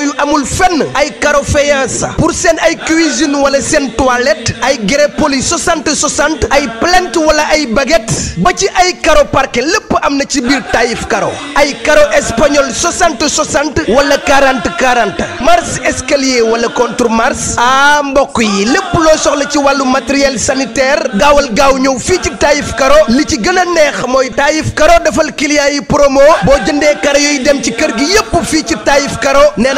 yooyu amul fenn ay carreau faïence pour seen ay cuisine wala seen toilette ay grès poli 60 60 ay plinthe wala ay baguette ba ci ay carreau parquet lépp am na ci biir Taïf carreau ay carreau espagnol 60 60 wala 40 40 marche escalier wala contre marche ah mbokk yi lépp loo soxla ci wàllu matériel sanitaire gaawal gaaw ñëw fii ci Taïf carreau li ci gën a neex mooy Taïf carreau defal client yi promo boo jëndee carreau yooyu dem ci kër gi yépp fii ci Taïf carreau nee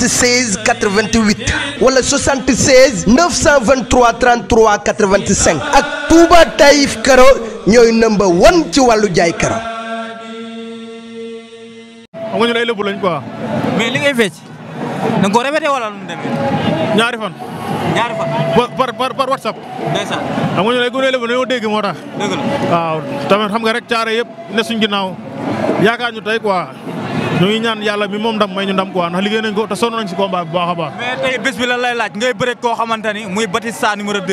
96 88 wala 76 923 33 85 ak Touba Taïf Karo ñooy number one ci wàllu jaay karo. xam nga ñun ay lëbu lañ quoi. mais li ngay fecc da nga ko répété wala nu demee. ñaari fan. ñaari fan. par par par WhatsApp. ndeysaan. xam nga ñun ay gune lëbu dañoo dégg moo tax. waaw tamit xam nga rek caare yëpp ne suñ ginnaaw yaakaar ñu tey quoi. ñu ngi ñaan yàlla mi moom ndam may ñu ndam quoi ndax liggéey nañ ko te sonn nañ si combat bu baax a baax. mais tey bés lay laaj ngay bëre koo xamante muy Batista numéro 2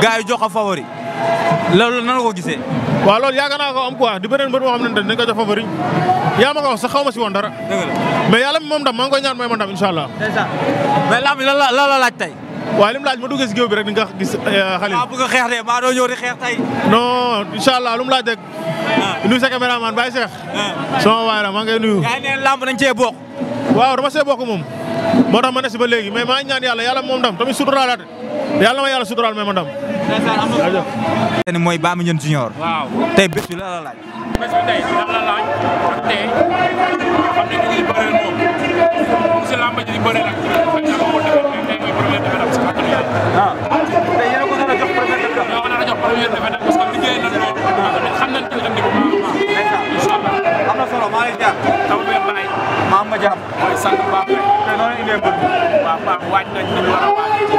gars yi jox ko favori loolu nan la ko gisee. waaw loolu yaakaar naa ko am quoi di beneen mbër moo xamante ne dañ ko jox favori yaa ma ko wax sax xaw ma si woon dara. mais yàlla mi moom ndam maa ngi koy may ma ndam incha walim laaj ma duggee si géew bi rek ni nga gis xalil eh, waaw bëgg a xeex de maa doo ñëw di xex tay non inshallah allah lu mu laaj rek ñu ah. sa cameraman bay Cheikh ah. sama waay ma ngay nuyu yaay neen lamb nañ cee bok waaw dama see bok mom moo tax ma ne ci ba léegi mais ma ñaan yalla yalla mom dam tamit sutural suturaalaat yalla ma yalla sutural mais ma dam mooy Bamba Ndione Junior waaw tay bés bi la la laaj jàpp mooy sant baax rek te noonu indee mbër mi baax baax waaj nañ ni war dem si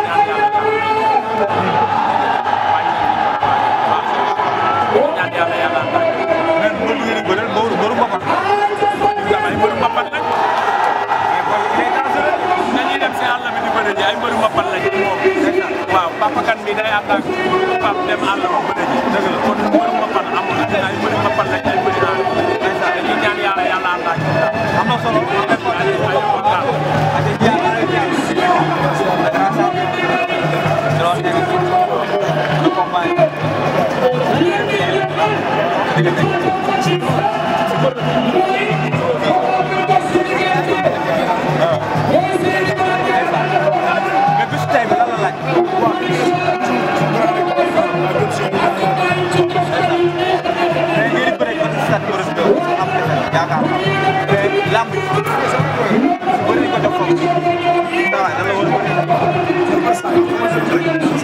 Papa Kane bi day Pak,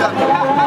Yeah.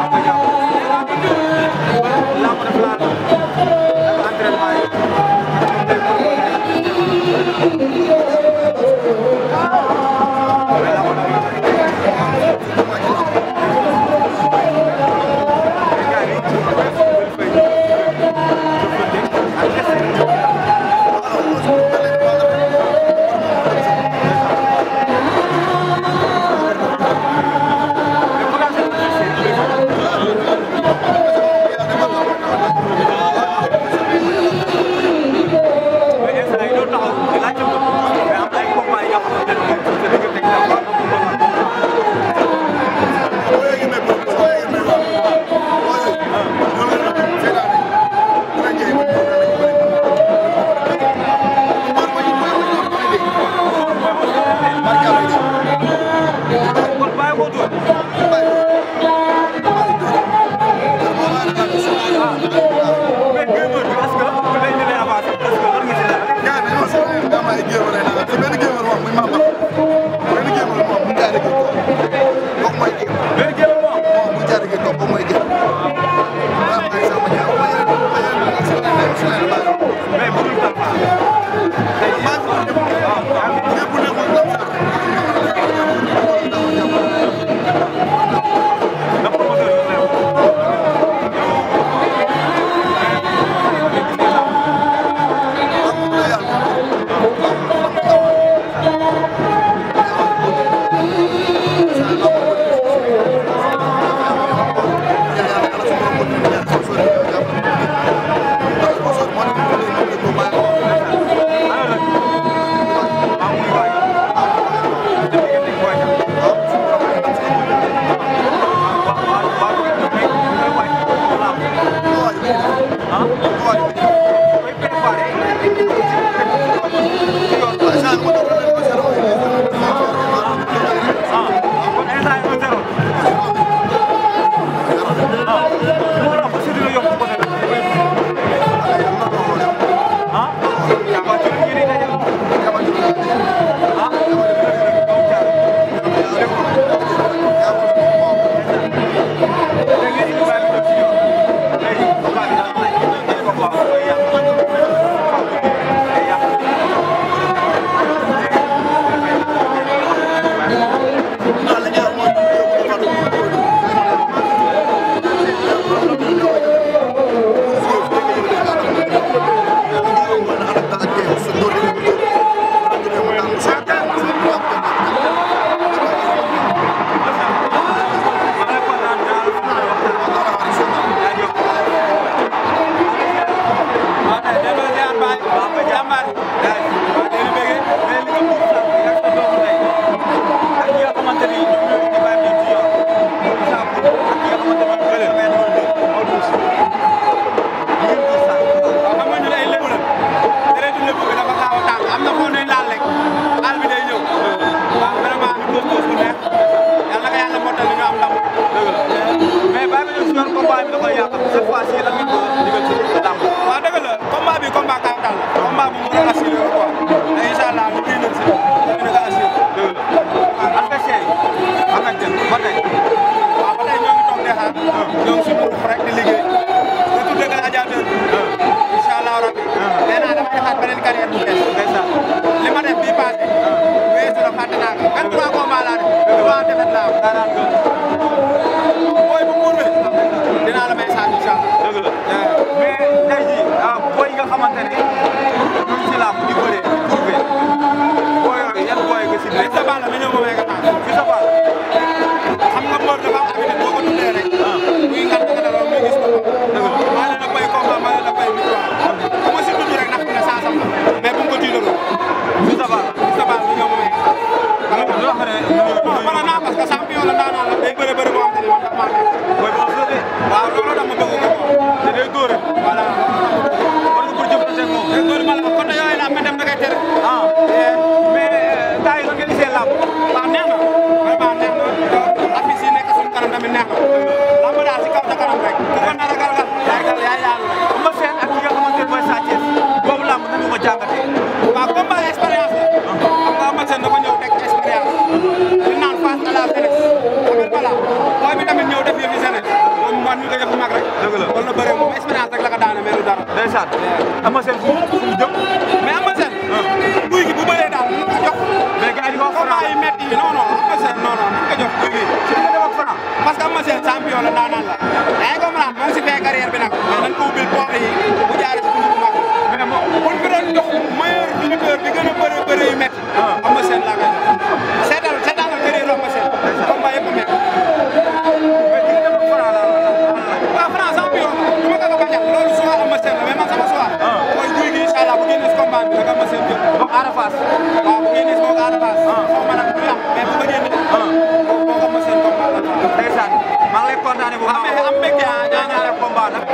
booy bu muur bi dinaa la may saa ñu saa. dëgg la mais tey jii ah booy yi nga xamante ne ñu ngi si làmb di bëree di tuubee booy yooyu yan booy nga si biir. dëgg la kon nag bëre moom expérience rek la ko daane mais du dara. ndeysaan am na seen fu mu jëm. comme monsieur champion la daanaan la yaa ngi comprendre moom si fee carrière bi nag mais nañ ko ubbil poox yi bu jaaree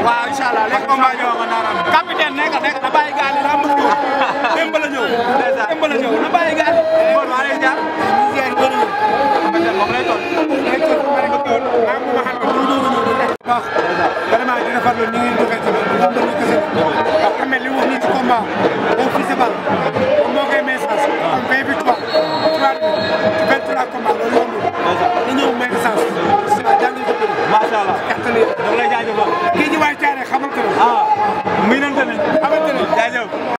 waaw incha allah léegi combat ñëw capitaine nekk nekk na bàyyi gaal yi lamb ñëw démb la ñëw démb la ñëw na bàyyi gaal yi moom maa lay jaar moom lay toll lay toll ma ne ko toll maa ngi ko waxal ñu ñu ñu wax vraiment dina farlu ni ngeen joxe ci ñu ñu ko seen xam ne li wax ni ci combat boo fi sebal moo koy message ah. am koy victoire victoire bi ci 23 combats loolu yombul. na ñëw may sens. bisimilah jàngal ko bëri. macha allah kattan yëpp da nga lay jaajëfal. kii ji waay caare xamante ne. ah muy nañ ko ne. xamante ne jaajëf.